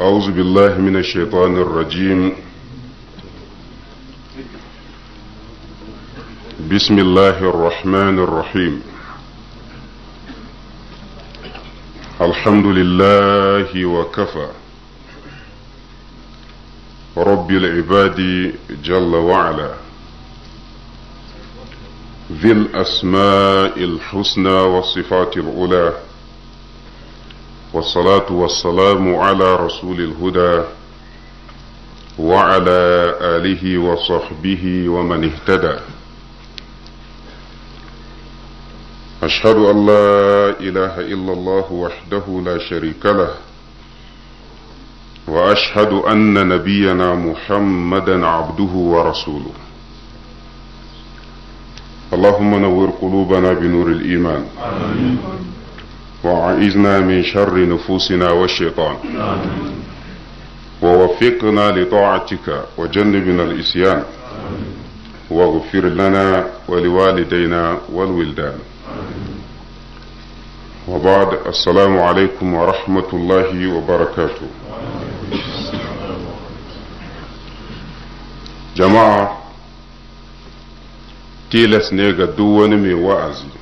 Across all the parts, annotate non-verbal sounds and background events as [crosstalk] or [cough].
أعوذ بالله من الشيطان الرجيم بسم الله الرحمن الرحيم الحمد لله وكفى رب العباد جل وعلا ذي الأسماء الحسنى والصفات العلى والصلاة والسلام على رسول الهدى وعلى آله وصحبه ومن اهتدى أشهد أن لا إله إلا الله وحده لا شريك له وأشهد أن نبينا محمدا عبده ورسوله اللهم نور قلوبنا بنور الإيمان آمين. وعائزنا من شر نفوسنا والشيطان آمين. ووفقنا لطاعتك وجنبنا الإسيان آمين. واغفر لنا ولوالدينا والولدان آمين. وبعد السلام عليكم ورحمة الله وبركاته جماعة تيلس نيغا دواني مي وازي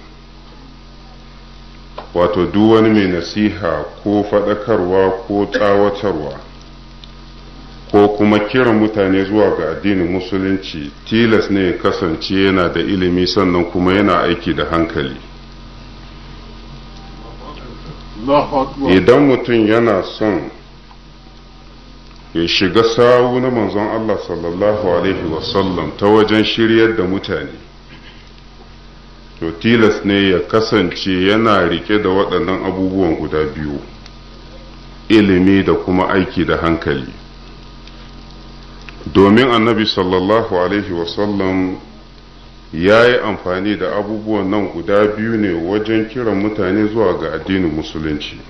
wato duk wani mai nasiha ko faɗakarwa ko tsawatarwa ko kuma kiran mutane zuwa ga addinin musulunci tilas ne ya kasance yana da ilimi sannan kuma yana aiki da hankali idan mutum yana son ya shiga sawu na manzon Allah sallallahu Alaihi wasallam ta wajen shiryar da mutane to tilas ne ya kasance yana rike da waɗannan abubuwan guda biyu ilimi da kuma aiki da hankali domin annabi sallallahu alaihi wasallam ya yi amfani da abubuwan nan guda biyu ne wajen kiran mutane zuwa ga addinin musulunci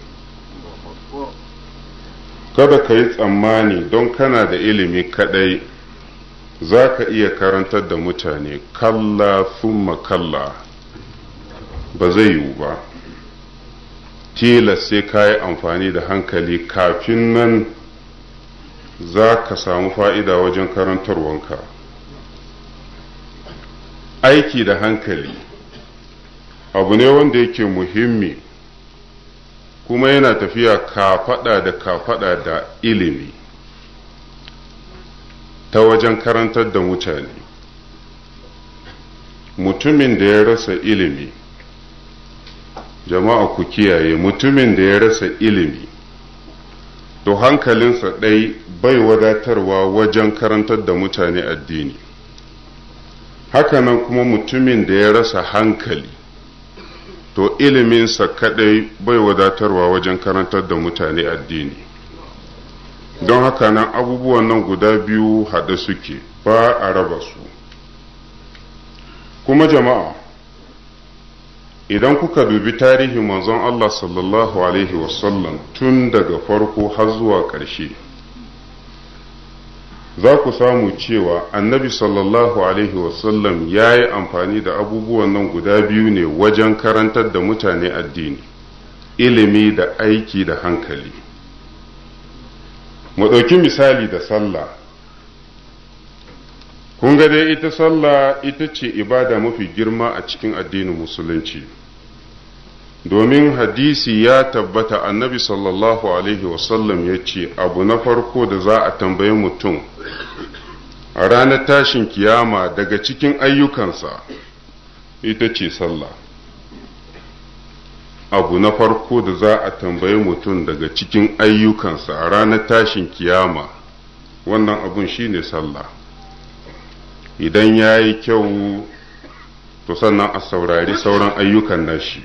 kada ka yi tsammani don kana da ilimi kadai za ka iya karantar da mutane kalla summa kalla ba zai yiwu ba tilas sai ka yi amfani da hankali kafin nan za ka samu fa'ida wajen karantarwanka aiki da hankali abu ne wanda yake muhimmi kuma yana tafiya kafaɗa da kafaɗa da ilimi ta wajen karantar da mutane mutumin da ya rasa ilimi jama'a ku kiyaye mutumin da ya rasa ilimi to hankalinsa ɗai bai wadatarwa wajen karantar da mutane addini hakanan kuma mutumin da ya rasa hankali to iliminsa kaɗai bai wadatarwa wajen karantar da mutane addini don haka nan abubuwan nan guda biyu haɗe suke ba a raba su kuma jama'a idan kuka dubi tarihin manzon Allah sallallahu alaihi wasallam tun daga farko har zuwa ƙarshe za ku samu cewa annabi sallallahu alaihi wasallam ya yi amfani da abubuwan nan guda biyu ne wajen karantar da mutane addini ilimi da aiki da hankali mu ɗauki misali da sallah kun ga dai ita sallah ita ce ibada mafi girma a cikin addinin musulunci domin hadisi ya tabbata annabi sallallahu alaihi wasallam ya ce abu na farko da za a tambayi mutum a ranar tashin kiyama daga cikin ayyukansa ita ce sallah abu na farko da za a tambayi mutum daga cikin ayyukansa a ranar tashin kiyama wannan abun shine sallah idan ya yi kyau to sannan a saurari sauran ayyukan nashi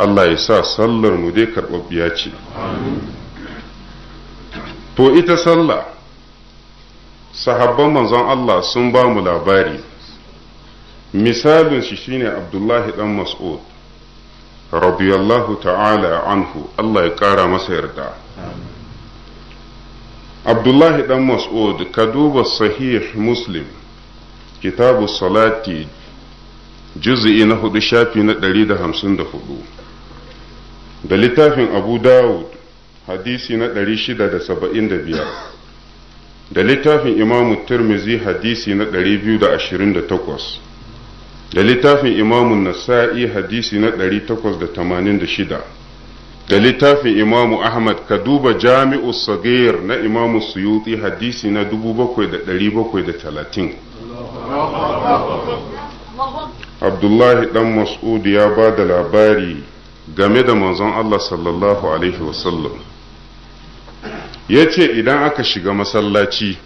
Allah ya sa sallar mu dai karɓaɓɓiya ce to ita sallah sahabban manzon Allah sun ba mu labari misalin shi shine abdullahi dan mas'ud radiyallahu ta'ala anhu Allah ya ƙara masa yarda abdullahi dan mas'ud ka duba sahih muslim kitabu salati juz'i na hudu shafi na ɗari da hamsin littafin abu dawud hadisi na ɗari shida da saba'in da biyar da littafin imamu tirmizi hadisi na ɗari da ashirin da takwas da littafin imamu nasa'i hadisi na ɗari takwas da tamanin da littafin imamu ahmad ka duba jami'u sagir na imamu suyuti hadisi na 7730 abdullahi dan mas'ud ya ba da labari game da manzon allah sallallahu alaihi wasallam ya ce idan aka shiga masallaci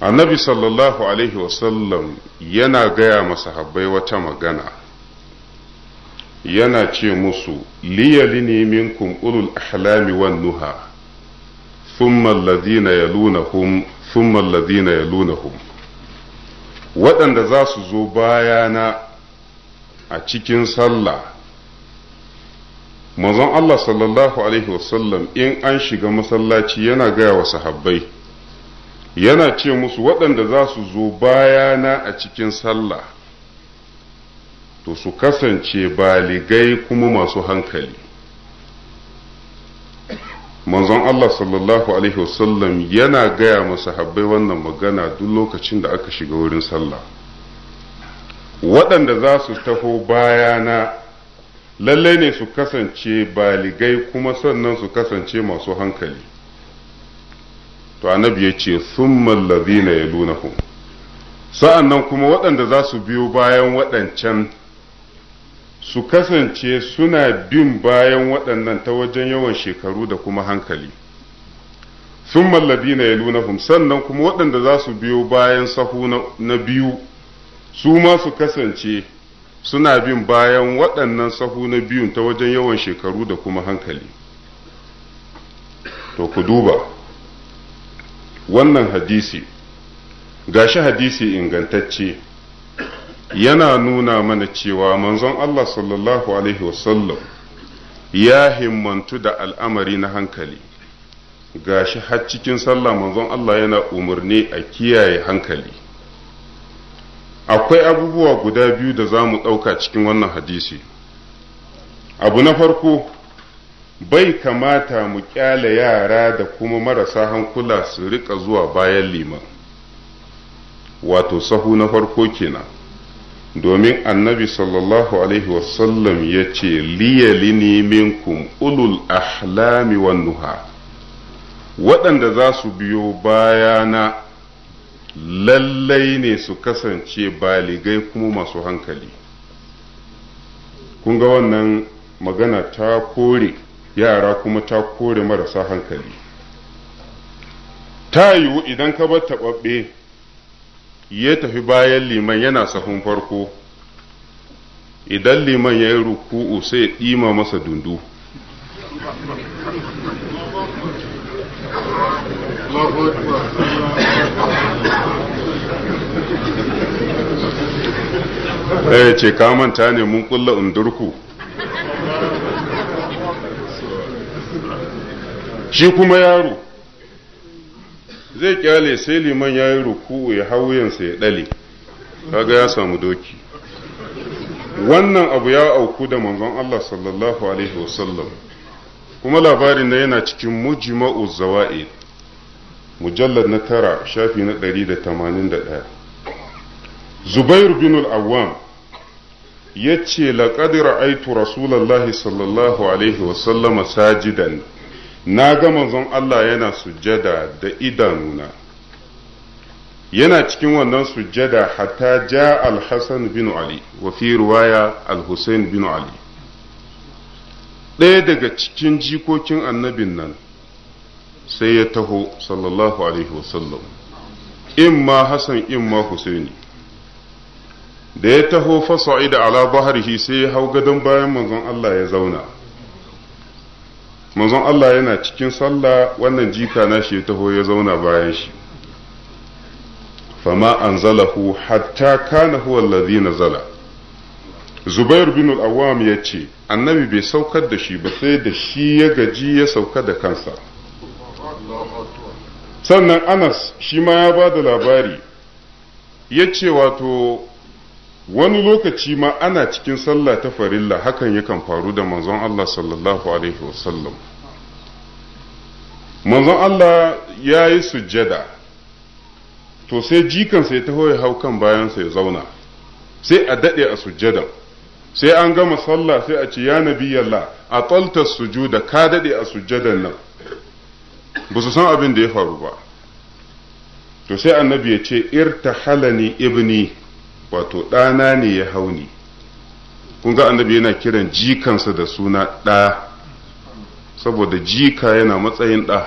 annabi sallallahu alaihi wasallam yana gaya masahabbai wata magana yana ce musu liyali ne min ulul ahlami wan nuha thumma alladhina yalunahum thumma alladhina yalunahum waɗanda za su zo bayana a cikin sallah manzon Allah sallallahu alaihi wasallam in an shiga masallaci yana gaya wa sahabbai yana ce musu waɗanda za su zo bayana a cikin sallah to su kasance baligai kuma masu hankali manzon Allah sallallahu alaihi wasallam yana gaya masahabbai wannan magana duk lokacin da aka shiga wurin sallah waɗanda za su taho bayana lallai ne su kasance baligai kuma sannan su kasance masu hankali to annabi ya ce summan lazina ya lunahum sa'an nan kuma waɗanda za su biyo bayan waɗancan su kasance suna bin bayan waɗannan ta wajen yawan shekaru da kuma hankali sun mallabi na yalunahum sannan kuma waɗanda za su biyo bayan sahu na biyu su ma su kasance suna bin bayan waɗannan sahu na biyu ta wajen yawan shekaru da kuma hankali to ku duba wannan hadisi gashi hadisi ingantacce yana nuna mana cewa manzon Allah sallallahu alaihi wasallam ya himmantu da al'amari na hankali gashi har cikin sallah manzon Allah yana umarni a kiyaye hankali akwai abubuwa guda biyu da za mu ɗauka cikin wannan hadisi abu na farko bai kamata mu kyale yara da kuma marasa hankula su riƙa zuwa bayan liman wato sahu na farko kenan domin annabi sallallahu alaihi wasallam ya ce liyalini minkum ulul ahlami wan nuha waɗanda za su biyo bayana lallai ne su kasance baligai kuma masu hankali kun ga wannan magana ta kore yara kuma ta kore marasa hankali ta yiwu idan ka bar taɓaɓɓe ya tafi bayan liman yana sahun farko idan liman ya yi ruku'u sai ya ɗima masa dundu ɗaya ce ka manta ne mun ƙulla undurku shi kuma yaro zai kyale sai liman ya yi ruku ya hauyensa ya ɗale kaga ya samu doki wannan abu ya auku da manzon Allah sallallahu alaihi wasallam kuma labarin na yana cikin mujma'u zawa'id mujallar na tara shafi na 181 zubairu bin al-awwam ya ce ra'aytu rasulullahi sallallahu alaihi wasallam sajidan na ga manzon Allah yana sujjada da idanuna yana cikin wannan sujjada hatta ja al-Hasan bin Ali wa fi riwaya al bin Ali ɗaya daga cikin jikokin annabin nan sai ya taho sallallahu alaihi wasallam imma Hassan imma Husaini da ya taho fasa'ida ala baharihi sai ya hau gadon bayan manzon Allah ya zauna manzon Allah yana cikin sallah wannan jika na shi ya taho ya zauna bayan shi fama anzalahu hatta kana huwa allazi nazala Zubair bin al-Awwam ya ce annabi bai saukar da shi ba sai da shi ya gaji ya sauka da kansa sannan Anas shi ma ya bada labari ya ce wato wani lokaci ma ana cikin sallah ta farilla hakan yakan faru da manzon Allah sallallahu alaihi wasallam manzon Allah ya yi sujjada to sai jikansa ya taho ya hau kan bayansa ya zauna sai a daɗe a sujjadan sai an gama sallah sai a ce ya nabi yalla a tsaltar sujuda ka daɗe a sujjadan nan ba su san abin da ya faru ba to sai annabi ya ce halani ibni wato ɗana ne ya hauni kun ga annabi yana kiran jikansa da suna ɗa saboda jika yana matsayin ɗa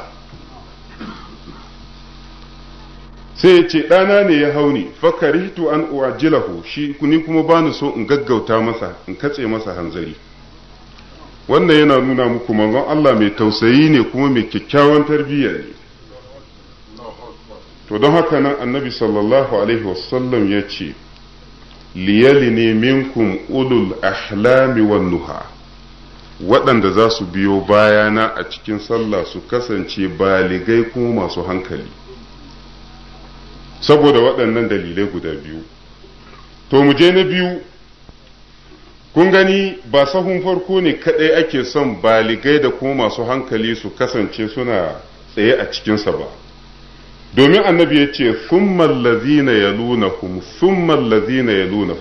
sai ya ce ɗana ne ya hauni fakarihtu an uwajilahu shi ni kuma bani so in gaggauta masa in katse masa hanzari wannan yana nuna muku manzon Allah mai tausayi ne kuma mai kyakkyawan tarbiyya ne to don haka nan annabi sallallahu alaihi wasallam ya ce liyalini minkum ulul ahlami wan nuha waɗanda za su biyo bayana a cikin sallah su kasance baligai kuma masu hankali saboda waɗannan dalilai guda biyu to mu je na biyu kun gani ba sahun farko ne kaɗai ake son baligai da kuma masu hankali su kasance suna tsaye a cikinsa ba domin annabi ya ce summan lazina ya lunahum summan lazina ya kuma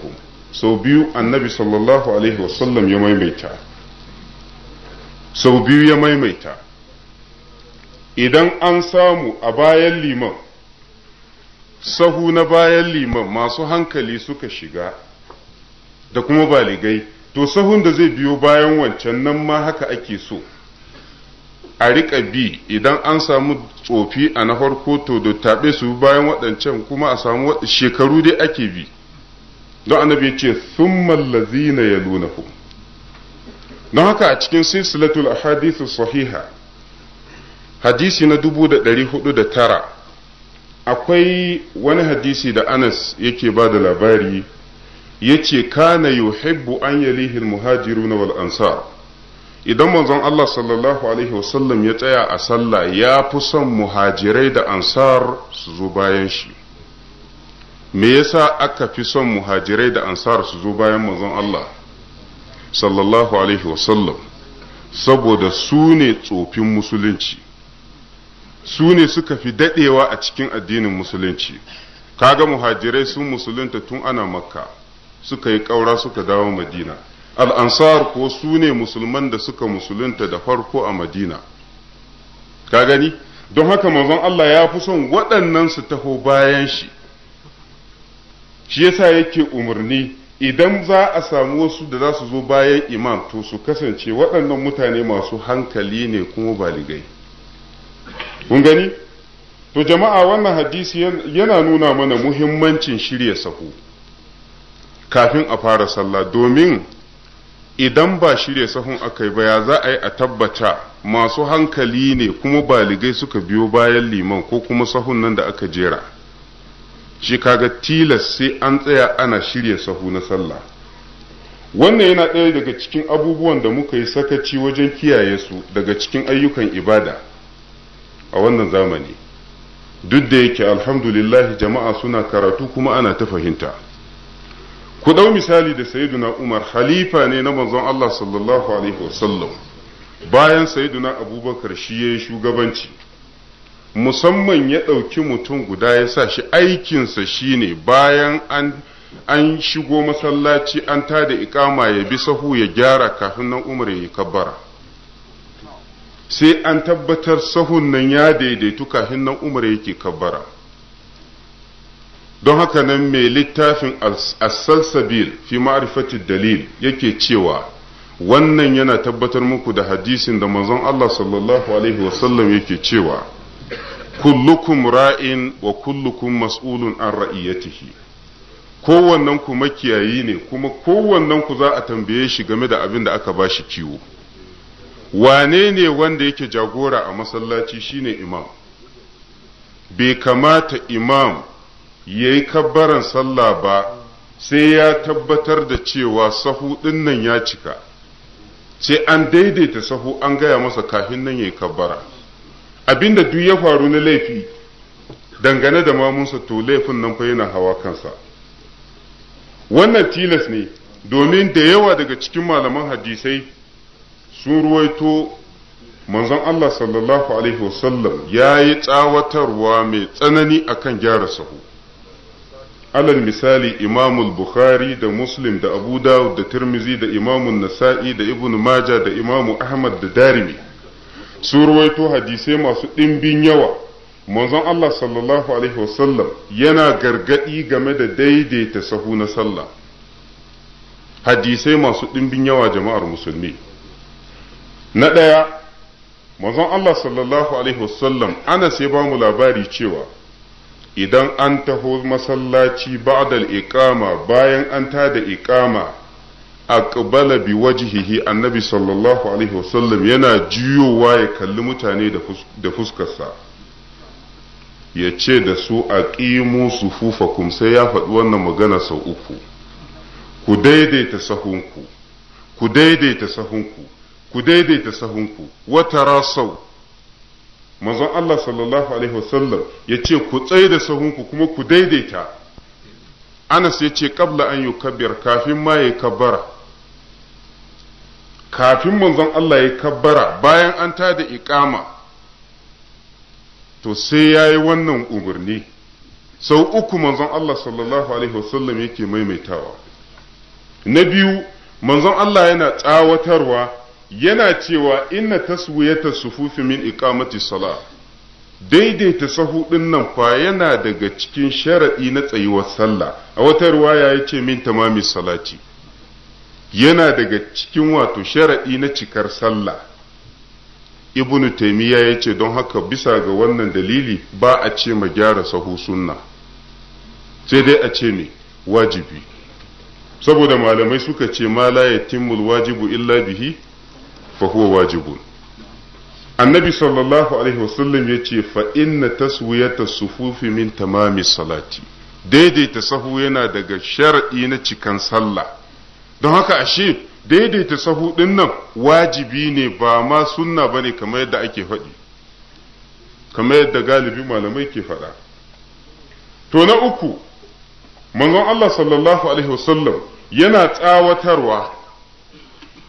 sau biyu annabi sallallahu alaihi wasallam ya maimaita sau biyu ya maimaita idan an samu a bayan liman sahu na bayan liman masu hankali suka shiga da kuma baligai to sahun da zai biyo bayan wancan nan ma haka ake so a riƙa bi idan an samu tsofi a na farko to taɓe su bayan waɗancan kuma a samu shekaru dai ake bi don annabi ce sun na ya ku don haka a cikin silsilatul ahadithu sahiha hadisi na dubu da ɗari hudu da tara akwai wani hadisi da anas yake ba da labari ya ce kana yuhibbu an yalihi muhajiru na wal idan manzon Allah sallallahu alaihi wasallam ya tsaya a sallah ya fi son muhajirai da ansar su zo bayan shi me yasa aka fi son muhajirai da ansar su zo bayan manzon Allah sallallahu alaihi wasallam saboda su ne tsofin musulunci su ne suka fi dadewa a cikin addinin musulunci kaga muhajirai sun musulunta tun ana makka suka yi kaura suka dawo madina al'ansar ko su ne musulman da suka musulunta da farko a madina ka gani don haka manzon Allah ya fi son waɗannan su taho bayan shi shi yasa yake umarni idan za a samu wasu da za su zo bayan imam to su kasance waɗannan mutane masu hankali ne kuma baligai kun gani to jama'a wannan hadisi yana nuna mana muhimmancin shirya sahu kafin a fara sallah domin idan ba shirya sahun aka yi ba ya za a yi a tabbata masu hankali ne kuma baligai suka biyo bayan liman ko kuma sahun nan da aka jera shi kaga tilas sai an tsaya ana shirya sahu na sallah wannan yana ɗaya daga cikin abubuwan da muka yi sakaci wajen kiyaye su daga cikin ayyukan ibada a wannan zamani duk da yake alhamdulillah jama'a suna karatu kuma ana ta fahimta ku dau misali da sayyiduna umar khalifa ne na manzon Allah sallallahu alaihi wasallam bayan sayyiduna abubakar shi ya shugabanci musamman ya ɗauki mutum guda ya sa shi aikinsa shine bayan an an shigo masallaci an tada ikama ya bi sahu ya gyara kafin nan umar ya yi kabbara sai an tabbatar sahun nan ya daidaitu kafin nan umar yake kabbara don haka nan mai littafin asalsabil fi ma'rifati dalil yake cewa wannan yana tabbatar muku da hadisin da manzon Allah sallallahu alaihi wasallam yake cewa kullukum ra'in wa kullukum mas'ulun an ra'iyatihi kowannen ku makiyayi ne kuma kowannen ku za a tambaye shi game da abin da aka ba shi kiwo wane ne wanda yake jagora a masallaci shine imam bai kamata imam ya yi kabbaran sallah ba sai ya tabbatar da cewa sahu ɗin nan ya cika ce an daidaita sahu an gaya masa kafin nan ya yi kabbara abinda duk ya faru na laifi dangane da mamunsa to laifin nan fa yana hawa kansa wannan tilas ne domin da yawa daga cikin malaman hadisai sun ruwaito manzon Allah sallallahu alaihi wasallam ya yi tsawatarwa mai tsanani akan gyara sahu alal misali imamul bukhari da muslim da abu dawud da tirmizi da imamun nasa'i da ibn maja da Imam ahmad da darimi su ruwaito hadisai masu ɗimbin yawa manzon allah sallallahu alaihi wasallam yana gargaɗi game da daidaita sahu na sallah hadisai masu ɗimbin yawa jama'ar musulmi na ɗaya manzon allah sallallahu alaihi wasallam ana sai ba mu labari cewa idan an taho masallaci ba'dal iqama bayan an ta da iqama aqbala bi wajhihi annabi sallallahu alaihi wasallam yana juyowa ya kalli mutane da fuskarsa ya ce da su a aqimu sufufakum sai ya faɗi wannan magana sau uku ku daidaita sahunku ku daidaita sahunku ku daidaita sahunku wata rasau manzon Allah sallallahu alaihi wasallam ya ce ku tsaye da sahunku kuma ku daidaita Anas ya ce kabla an yi kafin ma ya kabbara kafin manzon Allah ya kabbara bayan an ta da iƙama to sai ya yi wannan umarni sau uku manzon Allah sallallahu alaihi wasallam yake maimaitawa na biyu manzon Allah yana tsawatarwa yana cewa inna taswiyata sufufi min iqamati salah daidaita sahu din nan fa yana daga cikin sharadi na tsayuwar sallah a wata riwaya yace min tamami salati yana daga cikin wato sharadi na cikar sallah ibnu taymiya yace don haka bisa ga wannan dalili ba a ce ma gyara sahu sunna sai dai a ce ne wajibi saboda malamai suka ce ma la yatimul wajibu illa bihi fa huwa wajibun annabi sallallahu alaihi wasallam ya ce fa inna taswiyata sufufi min tamami salati daidaita sahu yana daga shar'i na cikan sallah don haka ashe daidaita sahu din nan wajibi ne ba ma sunna bane kamar yadda ake faɗi kamar yadda galibi malamai ke faɗa to na uku manzon Allah sallallahu alaihi wasallam yana tsawatarwa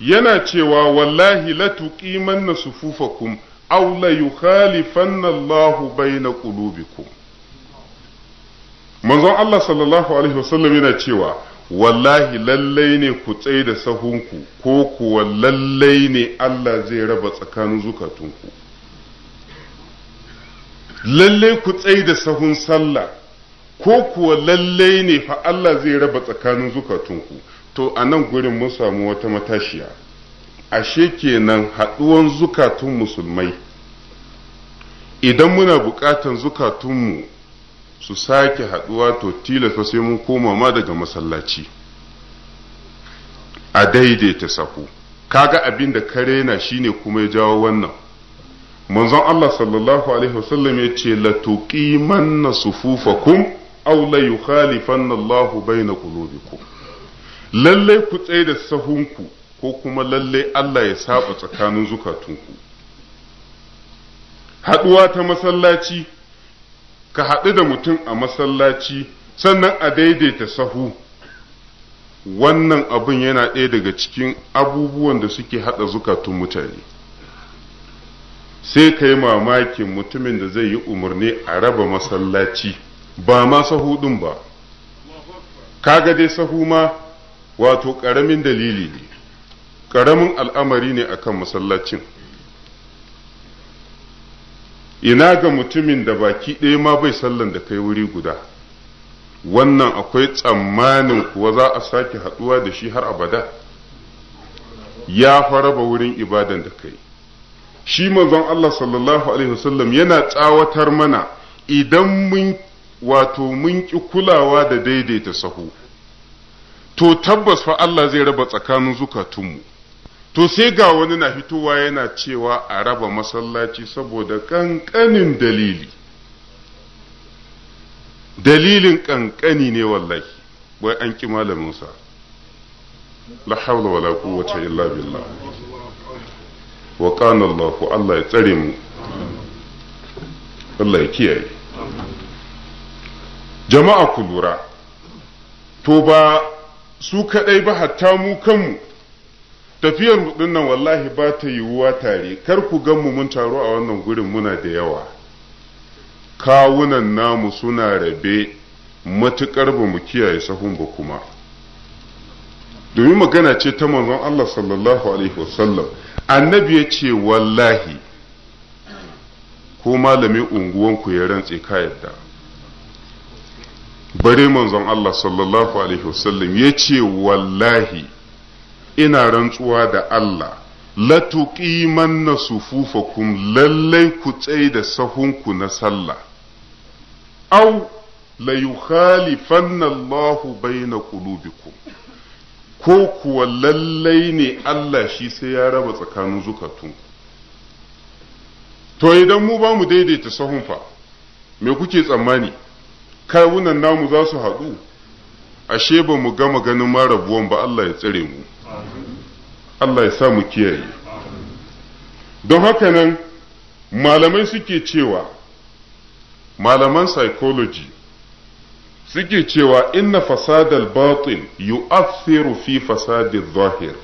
yana cewa wallahi la tuqimanna sufufakum aw la yukhalifanna Allahu ƙulubiku. qulubikum manzon Allah sallallahu alaihi wasallam yana cewa wallahi lallai ne ku tsaye da sahunku ko kuwa lallai ne Allah zai raba tsakanin zukatunku lallai ku tsai da sahun sallah ko kuwa lallai ne fa Allah zai raba tsakanin zukatunku to a nan gurin mun samu wata matashiya ashe kenan haɗuwan zukatun musulmai idan muna buƙatan zukatunmu su sake haɗuwa to tilasta sai mun koma ma daga masallaci a daidaita sahu kaga abin da ka shi shine kuma ya jawo wannan manzon Allah sallallahu alaihi wasallam ya ce la tuqimanna sufufakum aw la yukhalifanna Allahu baina qulubikum Lallai ku tsaye da sahunku ko kuma lallai Allah ya saba tsakanin zukatunku haɗuwa ta masallaci ka haɗu da mutum a masallaci sannan a daidaita sahu wannan abin yana ɗaya daga cikin abubuwan da suke haɗa zukatun mutane sai ka yi mamakin mutumin da zai yi umarni a raba masallaci ba ma sahu ɗin ba kaga dai sahu ma wato ƙaramin dalili ne ƙaramin al'amari ne akan masallacin ina ga mutumin da baki ɗaya ma bai sallan da kai wuri guda wannan akwai tsammanin kuwa za a sake haɗuwa da shi har abada ya faraba wurin ibadan da kai shi manzon Allah sallallahu alaihi wasallam yana tsawatar mana idan mun wato mun ki kulawa da daidaita sahu to tabbas fa Allah zai raba tsakanin zukatunmu to sai ga wani na fitowa yana cewa a raba masallaci saboda kankanin dalili dalilin kankani ne wallahi wai an ƙi malaminsa la hawla wala quwwata illa billah wa kana Allah Allah ya tsare mu Allah ya kiyaye jama'a ku lura to ba su kaɗai ba hatta mu kanmu tafiyar mu ɗinnan wallahi ba ta yiwuwa tare kar ku gan mu mun taro a wannan gurin muna da yawa kawunan namu suna rabe matuƙar ba mu kiyaye sahun ba kuma domin magana ce ta manzon Allah sallallahu alaihi wasallam annabi ya ce wallahi ko malamin unguwanku ya rantse ka yadda bare manzon Allah sallallahu alaihi wasallam ya ce wallahi ina rantsuwa da Allah na sufufakum lallai ku tsai da sahunku na sallah au la yukhalifanna Allahu bayna qulubikum ko kuwa lallai ne Allah shi sai ya raba tsakanin zukatunku to idan mu ba mu daidaita sahun fa me kuke tsammani kawunan namu za su haɗu ashe ba mu gama ganin marabuwan ba Allah ya tsire mu Allah ya sa mu kiyaye don haka nan malamai suke cewa malaman psychology suke cewa inna fasadal batin yu'athiru fi fasadil zahir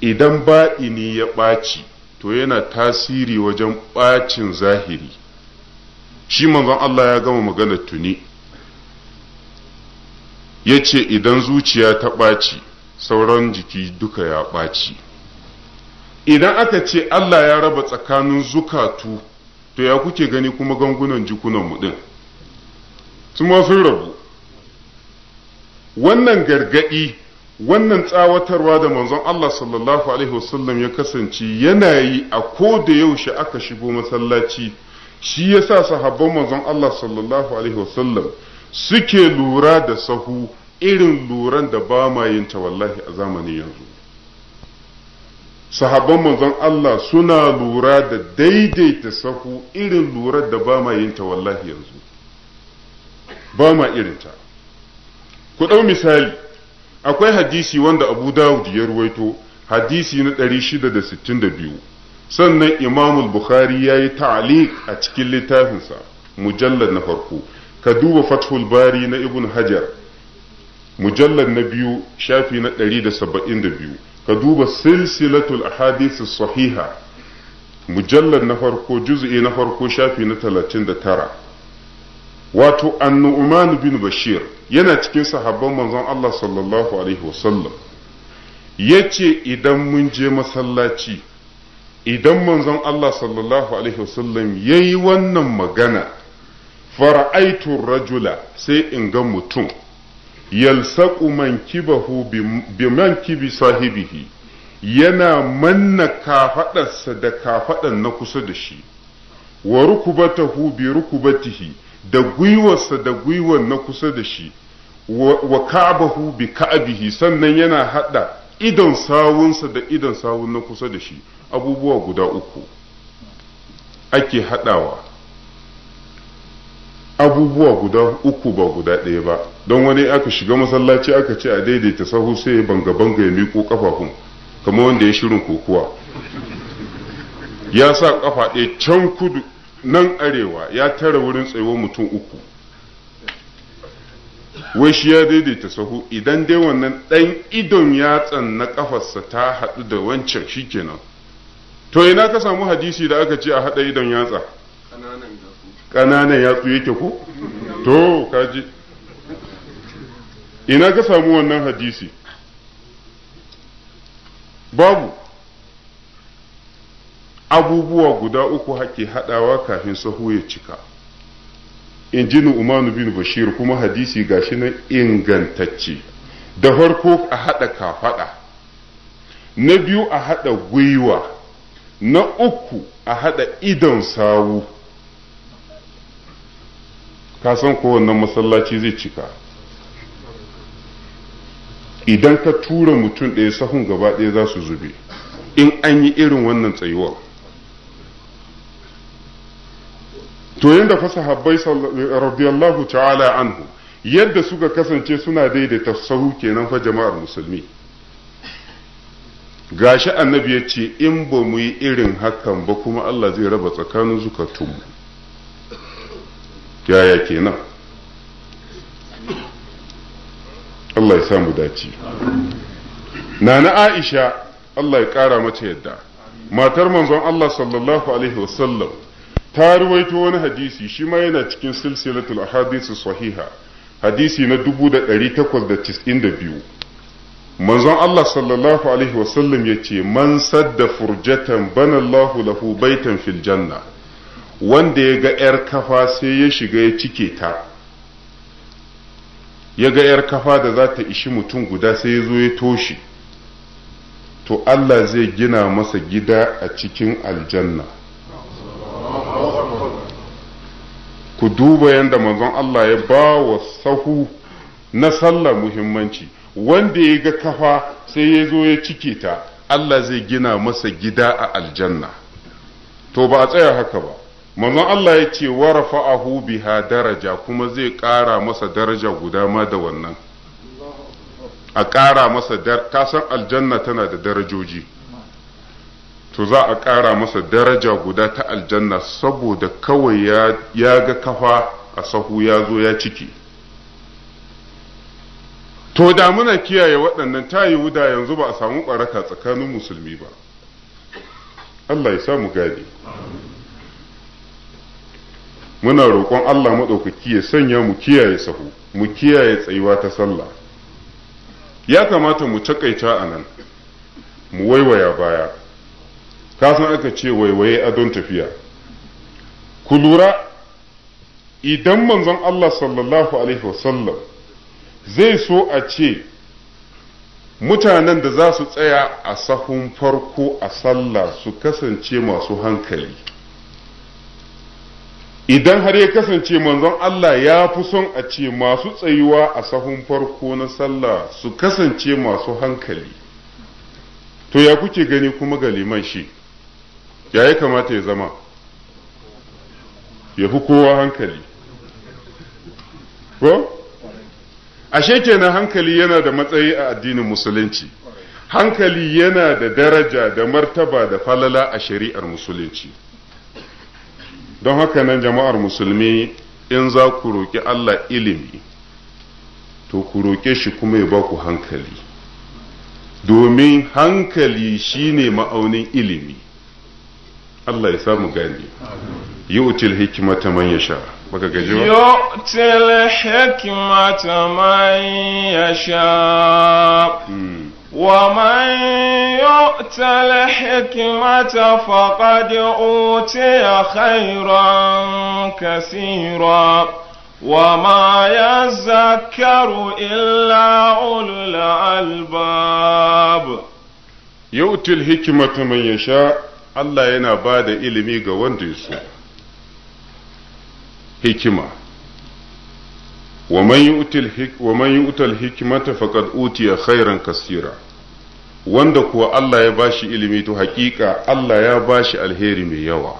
idan ba'ini ya ɓaci to yana tasiri wajen ɓacin zahiri shi manzon Allah ya gama magana tuni ya ce idan zuciya ta ɓaci sauran jiki duka ya ɓaci idan aka ce Allah ya raba tsakanin zukatu to ya kuke gani kuma gangunan jikunanmu ɗin su sun rabu wannan gargaɗi wannan tsawatarwa da manzon Allah sallallahu Alaihi wasallam ya kasance yana yi a ko da yaushe aka shigo masallaci shi ya sa sahabban manzon Allah sallallahu alaihi wasallam suke lura da sahu irin luran da ba ma yin ta wallahi a zamanin yanzu sahabban manzon Allah suna lura da daidaita sahu irin lura da ba ma yin ta wallahi yanzu ba ma irinta ku ɗau misali akwai hadisi wanda abu dawud ya ruwaito hadisi na 662 sannan imamul bukhari ya yi ta'liq a cikin littafinsa mujallar na farko ka duba fathul bari na ibn hajar mujallar na biyu shafi na 172 ka duba silsilatul ahadith sahiha mujallar na farko juz'i na farko shafi na 39 wato annu'man bin bashir yana cikin sahabban manzon Allah sallallahu alaihi wasallam yace idan mun je masallaci idan manzon Allah sallallahu alaihi wasallam yayi wannan magana fara'aitu rajula sai in ga mutum yalsaqu kibahu bi man kibi sahibihi yana manna kafaɗarsa da kafaɗar na kusa da shi wa rukubatahu bi rukubatihi da gwiwarsa da gwiwar na kusa da shi wa ka'abahu bi ka'abihi sannan yana haɗa idon sawunsa da idon sawun na kusa da shi abubuwa guda uku ake haɗawa abubuwa guda uku ba guda ɗaya ba don wani aka shiga masallaci aka ce a daidaita sahu sai ya banga banga ya miko kafafun kamar wanda ya shirin kokuwa ya sa ƙafa ɗaya can kudu nan arewa ya tara wurin tsayuwar mutum uku wai shi ya daidaita sahu idan dai wannan ɗan idon ya na kafarsa ta haɗu da wancan shikenan to ina ka samu hadisi da aka ce a haɗa idon yatsa ƙananan yatsu yake ko to kaji ina ka samu wannan hadisi babu abubuwa guda uku hake haɗawa kafin sahu ya cika in ji umanu bin bashir kuma hadisi ga shi nan ingantacce da farko a haɗa kafaɗa na biyu a haɗa gwiwa na uku a haɗa idon sawu ka san kowannan masallaci zai cika idan ka tura mutum ɗaya sahun gaba ɗaya za su zube in an yi irin wannan tsayuwar to yadda fa sahabbai radiyallahu ta'ala anhu yadda suka kasance suna daidaita sahu kenan fa jama'ar musulmi gashi annabi ya ce in ba mu yi irin hakan ba kuma Allah zai raba tsakanin zukatunmu yaya kenan Allah ya samu dace nana Aisha Allah ya kara mata yadda matar manzon Allah sallallahu alaihi wasallam ta ruwaito wani hadisi shi ma yana cikin silsilatul ahadisi sahiha hadisi na 1892 manzon Allah sallallahu alaihi wasallam ya ce man sadda furjatan banallahu lahu baitan fil janna wanda ya ga ‘yar kafa sai ya shiga ya cike ta ya ga ‘yar kafa da za ta ishi mutum guda sai ya zo ya toshi to Allah zai gina masa gida a cikin aljanna ku duba yadda manzon Allah ya ba wa sahu na sallah muhimmanci wanda ya ga kafa sai ya zo ya cike ta Allah zai gina masa gida a aljanna to ba a tsaya haka ba manzon Allah ya ce wa rafa'ahu biha daraja kuma zai ƙara masa daraja guda ma da wannan a ƙara masa ka san aljanna tana da darajoji to za a ƙara masa daraja guda ta aljanna saboda kawai ya ga kafa a sahu ya zo ya cike. to da muna kiyaye waɗannan ta yiwu da yanzu ba a samu ɓaraka tsakanin musulmi ba Allah ya samu gadi muna roƙon Allah maɗaukaki ya sanya mu kiyaye sahu mu kiyaye tsayuwa ta sallah ya kamata mu takaita a nan mu waiwaya baya ka san aka ce waiwaye a don tafiya ku lura idan manzon Allah sallallahu alaihi wasallam zai so a ce mutanen da za su tsaya a sahun farko a sallah su kasance masu hankali idan har ya kasance manzon Allah ya fi son a ce masu tsayuwa a sahun farko na sallah su kasance masu hankali to ya kuke gani kuma ga liman shi ya ya kamata ya zama ya fi kowa hankali ko? ashe kenan hankali yana da matsayi a addinin musulunci hankali yana da daraja da martaba da falala a shari'ar musulunci don haka nan jama'ar musulmi in za ku roƙi Allah ilimi to ku roƙe shi kuma ya ba ku hankali domin hankali shine ma'aunin ilimi Allah ya samu gani yi util hikimata man ya sha baka gaji ba hikimata man ya sha hmm. wa man yotel hikimata faƙaɗe ote ya kasira wa ma ya zakaru illa ulula albab yotel hikimata man ya sha Allah yana ba da ilimi ga wanda ya so. hikima wa man yu'tal hikmata faqad utiya khairan kasira wanda kuwa Allah ya bashi ilimi to haƙiƙa Allah ya bashi alheri mai yawa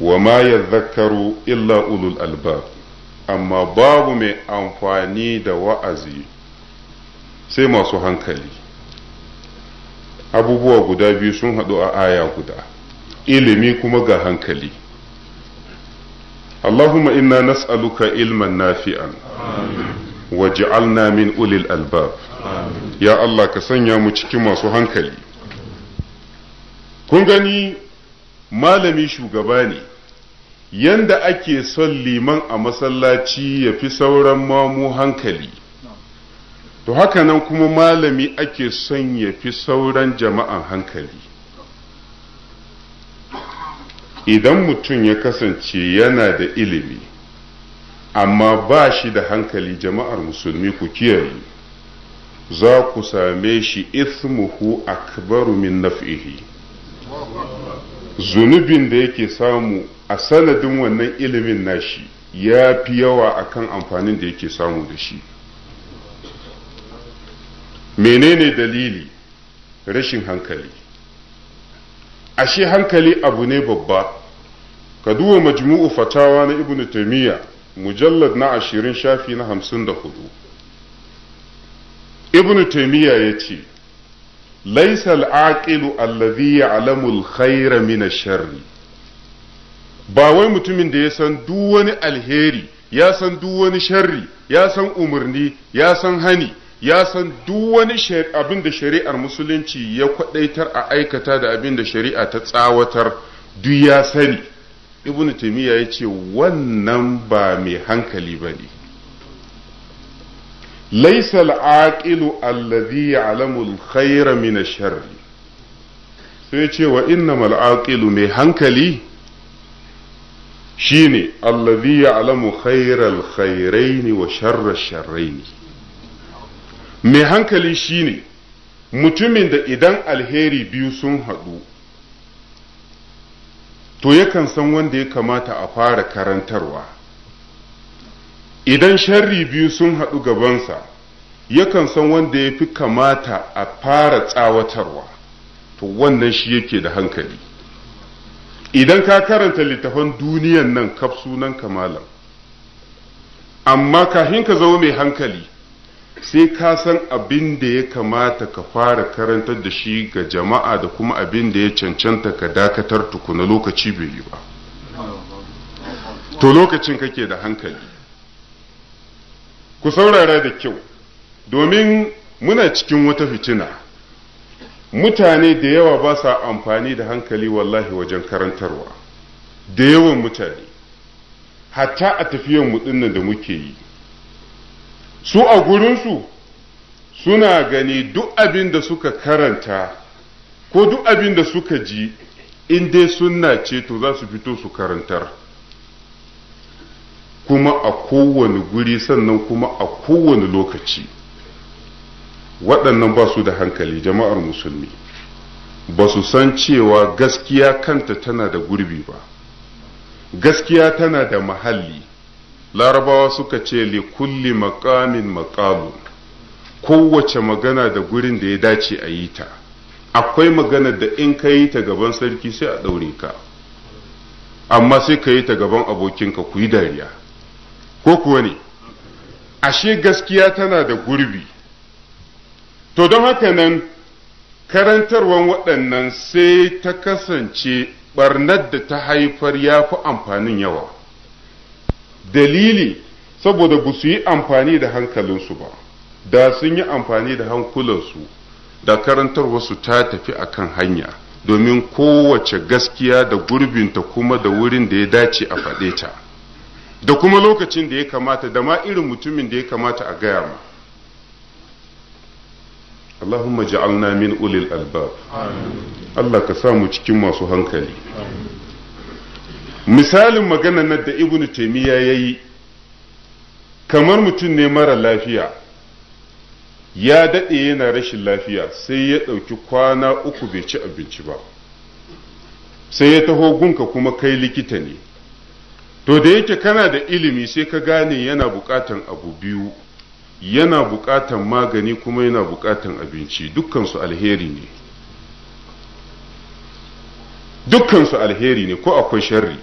wa ma yadhakkaru illa ulul albab amma babu mai amfani da wa'azi sai masu hankali abubuwa guda biyu sun haɗu a aya guda ilimi kuma ga hankali Allahumma inna nas'aluka ilman nafi'an waj'alna min ulil albab ya Allah ka sanya mu cikin masu hankali kun gani malami shugaba ne yanda ake son liman a masallaci ya fi sauran mamu hankali to haka nan kuma malami ake son ya fi sauran jama'an hankali idan mutum ya kasance yana da ilimi amma ba shi da hankali jama'ar musulmi ku kiyaye za ku same shi ismuhu akbaru min naf'ihi zunubin da yake samu a sanadin wannan ilimin nashi ya fi yawa a kan amfanin da yake samu da shi menene dalili rashin hankali ashe hankali abu ne babba ka duba majmu'u fatawa na ibn taymiya mujallad na ashirin shafi na hamsin da hudu ibn taymiya ya ce laisa al'aqilu allazi ya'lamu al-khayra min sharri ba wai mutumin da ya san duk wani alheri ya san duk wani sharri ya san umarni ya san hani ya san duk wani abin da shari'ar musulunci ya kwadaitar a aikata da abin da shari'a ta tsawatar duk ya sani ibn taimiyya ya ce wannan ba mai hankali ba ne laisa al'aƙilu allazi ya'lamu al-khayra min ash sai ce wa innamal aqilu mai hankali shine allazi ya'lamu khayral ne wa sharra ne. mai hankali shine mutumin da idan alheri biyu sun haɗu to yakan san wanda ya kamata a fara karantarwa idan sharri biyu sun haɗu gabansa yakan san wanda ya fi kamata a fara tsawatarwa to wannan shi yake da hankali idan ka karanta littafan duniyan nan kaf sunan kamalan amma kahin ka zama mai hankali sai ka san abin da ya kamata ka fara karantar da shi ga jama'a da kuma abin da ya cancanta ka dakatar tukuna lokaci bai yi ba to lokacin kake da hankali ku saurara da kyau domin muna cikin wata fitina mutane da yawa ba sa amfani da hankali wallahi wajen karantarwa da yawan mutane hatta a tafiyan mu da muke yi su a gurinsu suna gani duk abin da suka karanta ko duk abin da suka ji in dai sunna ce to za su fito su karantar kuma a kowane guri sannan kuma a kowane lokaci waɗannan ba su da hankali jama'ar musulmi ba su san cewa gaskiya kanta tana da gurbi ba gaskiya tana da mahalli larabawa suka ce li kulli maqamin maqalu kowace magana da gurin da ya dace a yi ta akwai magana da in ka yi ta gaban sarki sai a ɗaure ka amma sai ka yi ta gaban abokinka ku yi dariya ko kuwa ne ashe gaskiya tana da gurbi to don haka nan karantarwan waɗannan sai ta kasance ɓarnar da ta haifar ya fi amfanin yawa dalili saboda ba su yi amfani da hankalinsu ba da sun yi amfani da hankulansu da karantarwarsu ta tafi a kan hanya domin kowace gaskiya da gurbinta kuma da wurin da ya dace a faɗe ta da kuma lokacin da ya kamata da ma irin mutumin da ya kamata a gaya ma Allahumma ja'alna min ulil albab Allah ka samu cikin masu hankali misalin magana na da ibnu taimiyya ya yi kamar mutum ne mara lafiya ya daɗe yana rashin lafiya sai ya ɗauki kwana uku bai ci abinci ba sai ya taho gunka kuma kai likita ne to da yake kana da ilimi sai ka gane yana buƙatan abu biyu yana buƙatan magani kuma yana buƙatan abinci dukkansu alheri ne dukkansu alheri ne ko akwai sharri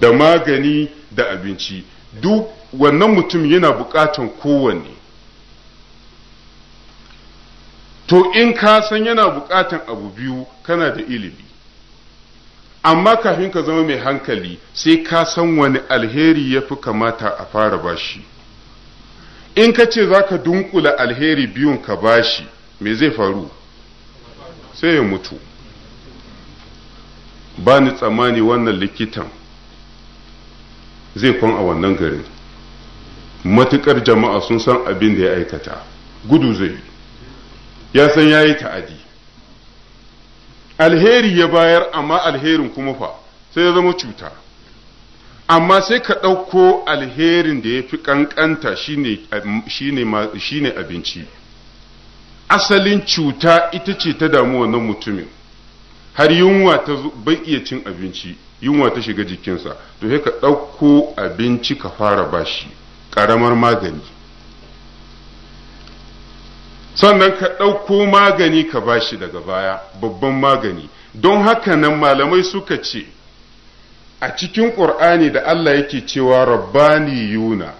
da magani da abinci duk wannan mutum yana bukatan kowanne to in ka san yana bukatan abu biyu kana da ilimi amma kafin ka zama mai hankali sai ka san wani alheri ya fi kamata a fara bashi in ka ce za ka dunkula alheri biyun ka bashi me zai faru sai ya mutu ba ni tsammani wannan likitan zai kwan a wannan garin matuƙar jama'a sun san abin da ya aikata gudu zai ya san ya yi ta'adi alheri ya bayar amma alherin kuma fa sai ya zama cuta amma sai ka ɗauko alherin da ya fi ƙanƙanta shine abinci asalin cuta ita ce ta damu wannan mutumin har yunwa ta bai iya cin abinci yunwa ta shiga jikinsa to sai ka ɗauko abinci ka fara bashi ƙaramar magani sannan ka ɗauko magani ka bashi daga baya babban magani don haka nan malamai suka ce a cikin ƙur'ani da Allah yake cewa rabbani yuna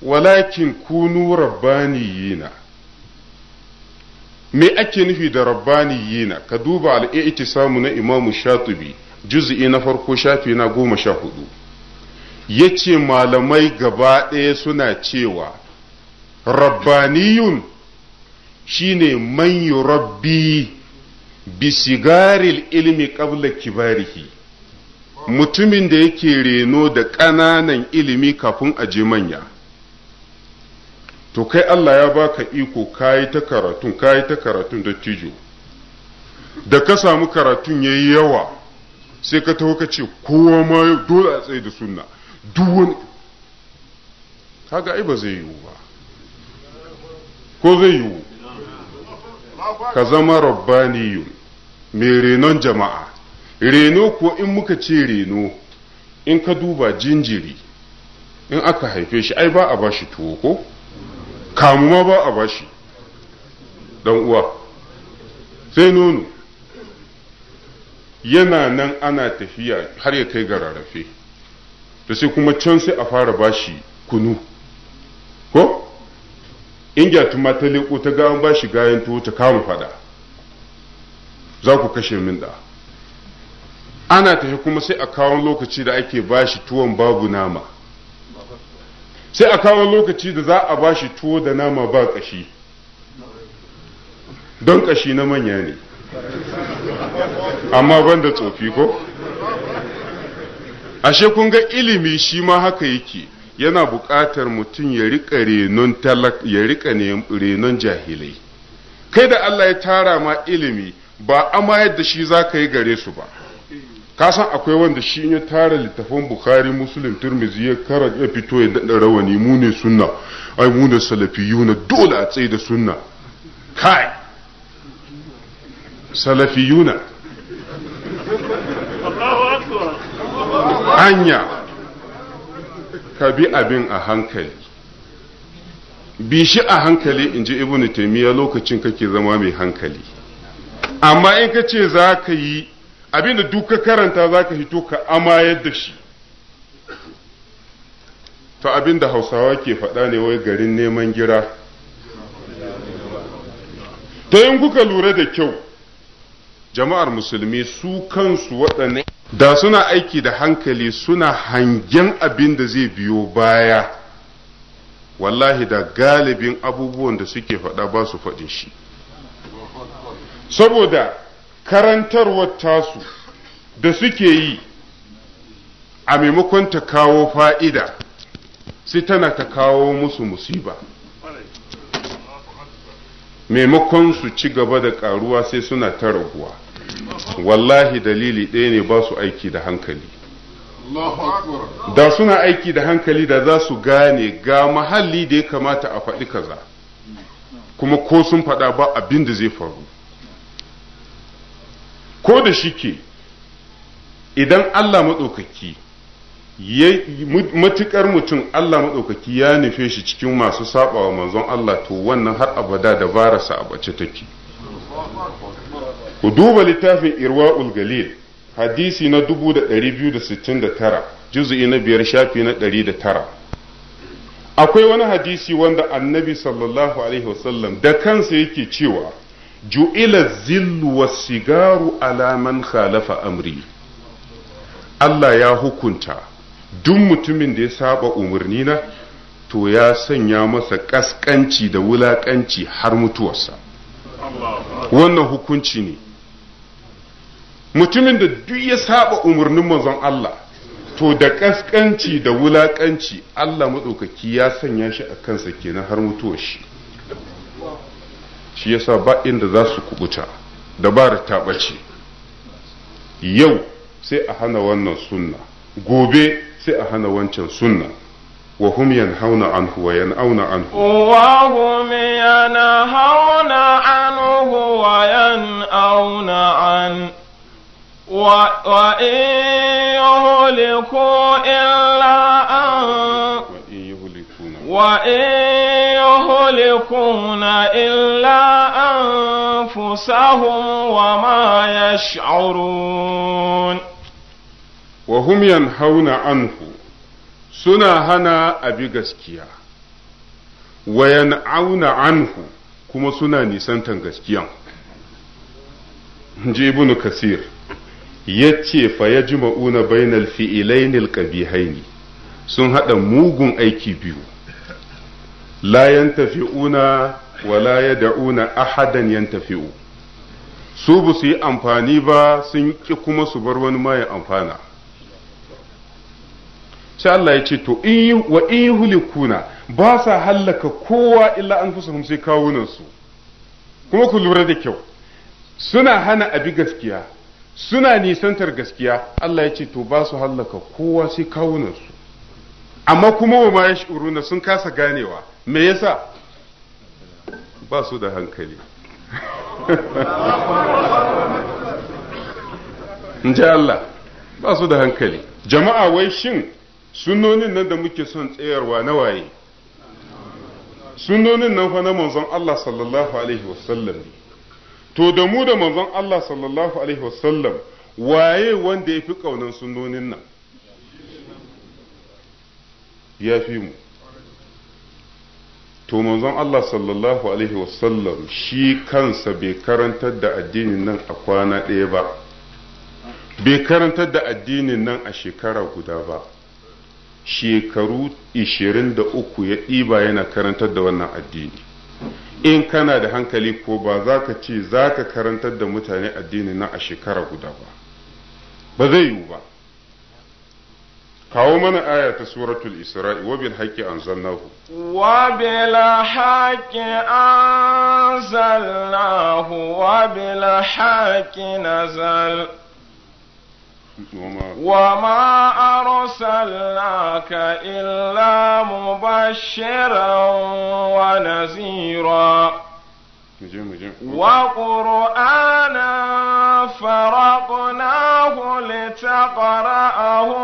walakin kunu rabbani yina me ake nufi da rabbani yina ka duba samu na imamu shatubi juz'i na farko shafi na goma sha hudu ya malamai gaba ɗaya suna cewa rabbaniyun shine man yurabbi bisigaril ilmi qabla kibarihi mutumin da yake reno da ƙananan ilimi kafin a manya to kai Allah ya baka iko kayi ta karatun kayi ta karatun da tijo da ka samu karatun yayi yawa sai ka taho ka ce kowa ma yau dole a tsaye da sunna duk wani kaga ai ba zai yiwu ba ko zai yiwu ka zama rabbaniyu mai renon jama'a reno ko in muka ce reno in ka duba jinjiri in aka haife shi ai ba a bashi tuwo ko kamu ma ba a bashi dan uwa sai nono yana nan ana tafiya har ya kai ga rarrafe sai kuma can sai a fara bashi kunu ko in gyatuma ta leko ta gawan bashi gayan tuwo ta kama fada za ku kashe min da ana tafi kuma sai a kawon lokaci da ake bashi tuwon babu nama sai a kawon lokaci da za a bashi tuwo da nama ba ƙashi don ƙashi na manya ne amma ban da tsofi ko ashe kun ga ilimi shi ma haka yake yana buƙatar mutum ya riƙa renon ya riƙa renon jahilai kai da Allah ya tara ma ilimi ba amma yadda shi za ka yi gare su ba ka san akwai wanda shi ya tara littafin bukhari muslim turmizi ya kara ya fito ya daɗa rawani mu ne sunna ai mu ne salafiyuna dole a tsaye da sunna kai salafiyuna anya ka bi abin a hankali bi a hankali in ji ibn taimiyya lokacin kake zama mai hankali amma in ka ce za ka yi abin da duk karanta za ka hito ka amayar da shi ta abinda hausawa ke faɗa ne wai garin neman gira ta yin kuka lura da kyau jama'ar musulmi su kansu waɗanne da suna aiki da hankali suna hangen abin da zai biyo baya wallahi da galibin abubuwan da suke faɗa ba su faɗin shi saboda karantarwar tasu da suke yi a maimakon ta kawo fa'ida sai tana ta kawo musu musiba maimakon su ci gaba da ƙaruwa sai suna ta raguwa wallahi dalili ɗaya ne ba su aiki da hankali da suna aiki da hankali da za su gane ga mahalli da ya kamata a faɗi kaza kuma ko sun faɗa ba abin da zai faru ko da shi ke idan Allah maɗaukaki matuƙar mutum Allah maɗaukaki ya nufe shi cikin masu saɓawa manzon Allah to wannan har abada dabararsa a bace take ku duba littafin Irwa ulgalil hadisi na tara, juzu'i na biyar shafi na tara. akwai wani hadisi wanda annabi sallallahu alaihi wasallam da kansa yake cewa ju'ila zillu was sigaru alaman man khalafa amri Allah ya hukunta duk mutumin da ya saba umarnina to ya sanya masa kaskanci da wulakanci har mutuwarsa wannan hukunci ne mutumin da duk ya saba umarnin manzon Allah to da kaskanci da wulakanci Allah maɗaukaki ya sanya shi a kansa kenan har mutuwar shi shi yasa ba inda za su kubuta ba ta ɓace yau sai a hana wannan sunna gobe sai a hana wancan sunna وهم ينهون عنه وينأون عنه وهم ينهون عنه وينأون عنه وإن يهلكوا إلا أن وإن يهلكون إلا أنفسهم وما يشعرون وهم ينهون عنه سنا هنا أبي غسكيا وينعون عنه كما سنا نسان تنغسكيا جيبون كثير yace ce fa ya na ma'una bainal fi'ilainil ƙabihaini sun haɗa mugun aiki biyu la yantafi'una wa la yad'una ahadan yantafi'u su bu su yi amfani ba sun ƙi kuma su bar wani mai amfana sai Allah ya ce to wa in hulikuna ba sa hallaka kowa illa an fusa sai su kuma ku lura da kyau suna hana abi gaskiya suna nisantar gaskiya Allah ya ce to ba su hallaka kowa sai kawunansu amma kuma wa ma yash'uruna sun kasa ganewa me yasa ba su da hankali [laughs] in ji Allah ba su da hankali jama'a wai shin sunonin nan da muke son tsayarwa na waye sunonin nan fa na manzon Allah sallallahu alaihi wasallam ne to da mu da manzon Allah sallallahu alaihi wasallam waye wanda ya fi ƙaunar sunnonin nan ya fi mu to manzon Allah sallallahu alaihi wasallam shi kansa bai karantar da addinin nan a kwana ɗaya ba bai karantar da addinin nan a shekara guda ba shekaru 23 ya ɗiba yana karantar da wannan addini in kana da hankali ko ba za ka ce za ka karantar da mutane addini na a shekara guda ba ba zai yiwu ba kawo mana aya ta suratul isra'i wa bil haqqi anzalnahu wa bil haqqi anzalnahu wa bil haqqi nazal وما أرسلناك إلا مبشرا ونذيرا وقرآنا فرقناه لتقرأه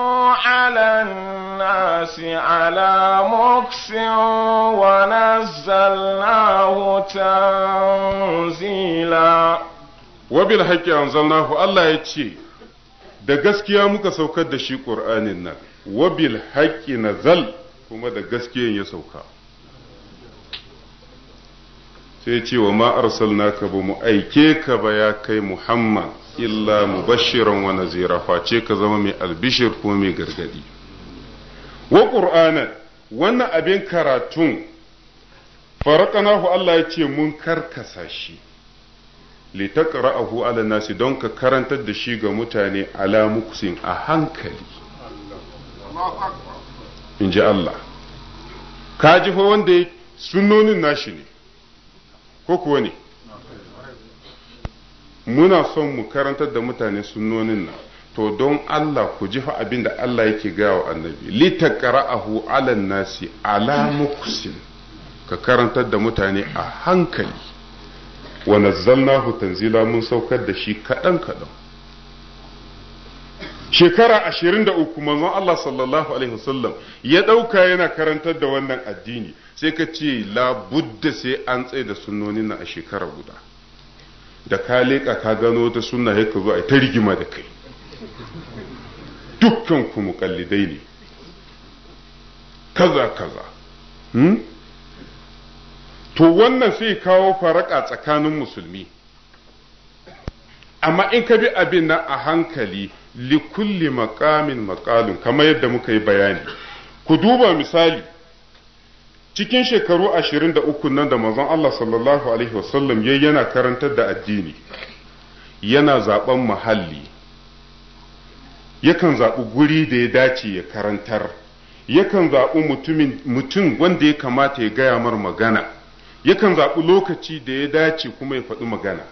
على الناس على مكس ونزلناه تنزيلا وبالحق أنزلناه الله يتشيه da gaskiya muka saukar da shi ƙur'anin nan wabil haƙƙi na zal kuma da gaskiyan ya sauka sai ce wa ma'arsal ka ba mu aike ka ba ya kai muhammad illa mu bashiran wa nazira face ka zama mai albishir ko mai gargadi wa ƙur'anan wannan abin karatun faraqanahu Allah ya ce mun karkasa shi litaqra'ahu 'ala nasi don ka karantar da shi ga mutane ala muksin a hankali in ji Allah ka ji fa wanda sunnonin nashi ne ko kuwa ne muna son mu karantar da mutane sunnonin nan to don Allah ku ji fa abin da Allah yake wa annabi litaqra'ahu 'ala nasi ala muksin ka karantar da mutane a hankali wa nazzalnahu tanzila mun saukar da shi kaɗan kaɗan shekara ashirin da uku manzon Allah sallallahu alaihi wasallam ya ɗauka yana karantar da wannan addini sai ka ce la budda sai an tsaye da sunnoni na a shekara guda da ka leƙa ka gano ta sunna ya ka zo a ta rigima da kai dukkan ku muƙallidai ne kaza kaza hmm? to wannan sai kawo faraka tsakanin musulmi amma in ka bi abin nan a hankali likulli makamin makalun kamar yadda muka yi bayani ku duba misali cikin shekaru ashirin da uku nan da manzon Allah sallallahu alaihi wasallam ya yana karantar da addini yana zaben muhalli yakan zaɓi guri da ya dace ya karantar yakan zaɓi mutum wanda ya kamata ya gaya mar magana yakan zaɓi lokaci da ya dace kuma ya faɗi magana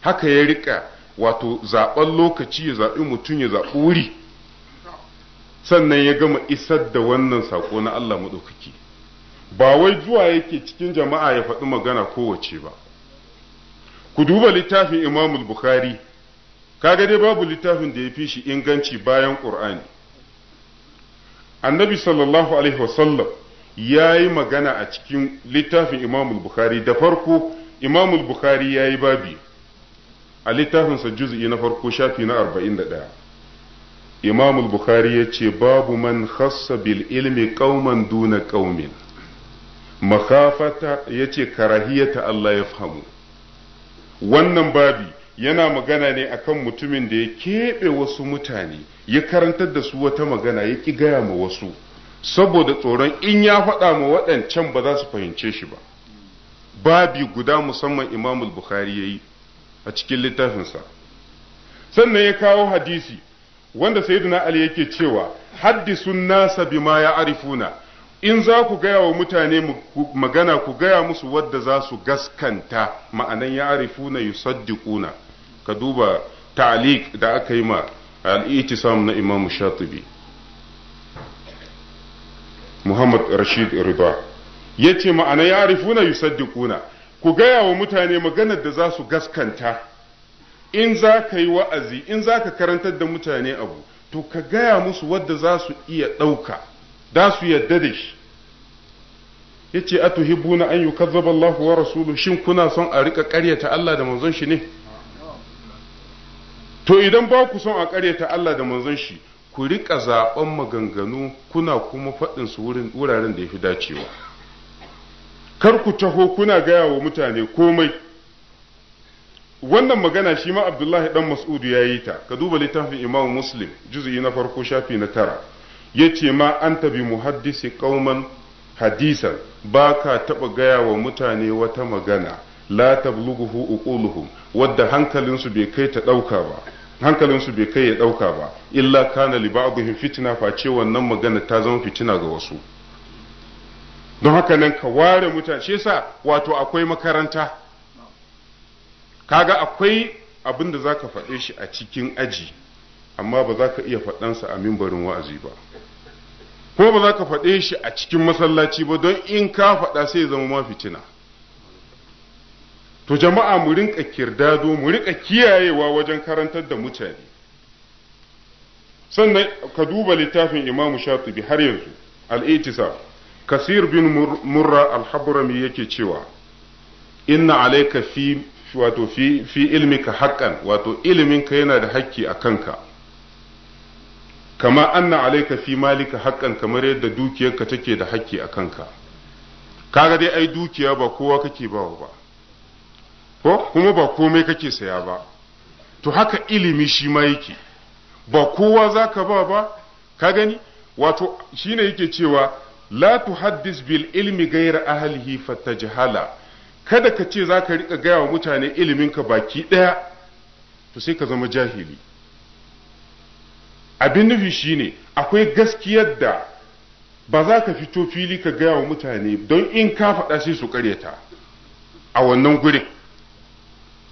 haka ya riƙa wato zaɓen lokaci ya zaɓi mutum ya zaɓi wuri sannan ya gama isar da wannan saƙo na Allah maɗaukaki ba wai zuwa yake cikin jama'a ya faɗi magana kowace ba ku duba littafin imamul bukhari kaga dai babu littafin da ya fi shi inganci bayan ƙur'ani annabi sallallahu alaihi wasallam ya yi magana a cikin littafin imamul bukhari da farko imamul bukhari ya yi babi a littafinsa juz'i na farko shafi na 41 imamul bukhari ya ce babu man khassa bil ilmi kauman duna kaumin makafata ya ce karahiyata Allah ya fahimu wannan babi yana magana ne akan mutumin da ya keɓe wasu mutane ya karantar da su wata magana ya ƙi gaya ma wasu saboda tsoron in ya faɗa ma waɗancan ba za su fahimce shi ba babi guda musamman imamul bukhari ya yi a cikin littafinsa sannan ya kawo hadisi wanda sayyidina ali yake cewa haddisun nasa bima ya arifuna in za ku gaya wa mutane magana ku gaya musu wadda za su gaskanta ma'anan ya arifuna yusaddiquna ka duba ta'liq da aka yi ma al na imamu shatibi Muhammad Rashid riba ya ce ma'ana ya arifuna yusaddiquna ku gaya wa mutane maganar da za su gaskanta in za ka yi wa'azi in za ka karantar da mutane abu to ka gaya musu wadda za su iya ɗauka da su yadda da shi ya ce a na an yi Allah wa rasulu shin kuna son a riƙa ƙaryata Allah da manzon shi ne to idan ba ku son a ƙaryata Allah da manzon shi ku riƙa zaɓen maganganu kuna kuma faɗin su wuraren da ya fi dacewa kar ku taho kuna gaya wa mutane komai wannan magana shi ma abdullahi dan mas'udu ya yi ta ka duba littafin imam muslim juzu'i na farko shafi na tara ya ce ma an tabi muhaddisi kauman hadisan ba ka taɓa gaya wa mutane wata magana la tabluguhu uquluhum wadda hankalinsu bai kai ta ɗauka ba hankalinsu bai kai ya ɗauka ba illa kana liba abuhin fitina face wannan magana ta zama fitina ga wasu don haka nan ka ware mutane shi yasa wato akwai makaranta kaga akwai abin da ka faɗe shi a cikin aji amma ba za ka iya faɗansa a mimbarin wa'azi ba ko ba za ka faɗe shi a cikin masallaci ba don in ka faɗa sai zama ma fitina to jama'a mu rinka kirdado mu rinka kiyayewa wajen karantar da mutane sannan ka duba littafin imamu shatibi har yanzu al itisaf kasir bin murra alhabrami yake cewa inna alaika fi wato fi fi ilmika haqqan wato iliminka yana da hakki a kanka kama anna alaika fi malika haqqan kamar yadda dukiyarka take da hakki a kanka kaga dai ai dukiya ba kowa kake bawa ba ko kuma ba komai kake saya ba to haka ilimi shi ma yake ba kowa za ka ba ba ka gani wato shi shine yake cewa la haddis bil ilmi gaira ahlihi jihala kada ka ce za ka riƙa gaya wa mutane iliminka baki ɗaya to sai ka zama jahili abin nufi shi ne akwai gaskiyar da ba za ka fito fili ka gaya wa mutane don in ka faɗa sai su ƙaryata a wannan gurin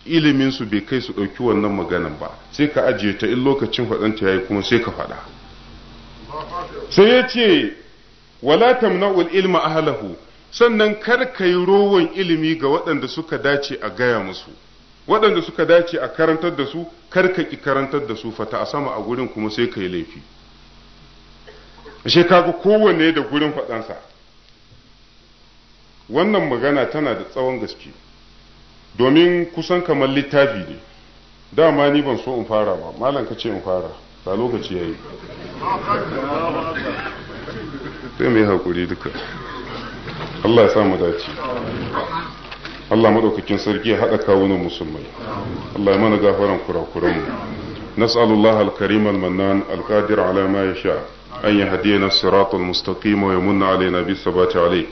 iliminsu bai kai su ɗauki wannan maganan ba sai ka ajiye ta in lokacin faɗanta ya yi kuma sai ka faɗa sai ya ce wala tamna'ul ilma ahlahu sannan kar ka yi rowan ilimi ga waɗanda suka dace a gaya musu waɗanda suka dace a karantar da su kar ka ki karantar da su fata a sama a gurin kuma sai ka yi laifi ashe kaga kowanne da gurin faɗansa wannan magana tana da tsawon gaske domin kusan kamar littafi ne dama ni ban so in fara ba malam ka ce in fara ba lokaci yi. sai mai hakuri duka Allah ya sa mu dace Allah maɗaukakin sarki ya haɗa kawunan musulmai Allah ya mana gafaran kurakuranmu nas'alullah al-karim al-mannan al-qadir ala ma yasha an yahdiyana as-siratal mustaqim wa yamunna alaina bis-sabati alayhi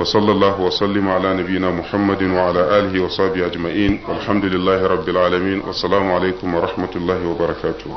وصلى الله وسلم على نبينا محمد وعلى آله وصحبه أجمعين والحمد لله رب العالمين والسلام عليكم ورحمة الله وبركاته